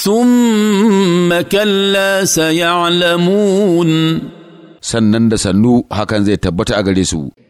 ثم كلا سيعلمون sannan da sannu hakan zai tabbata a gare su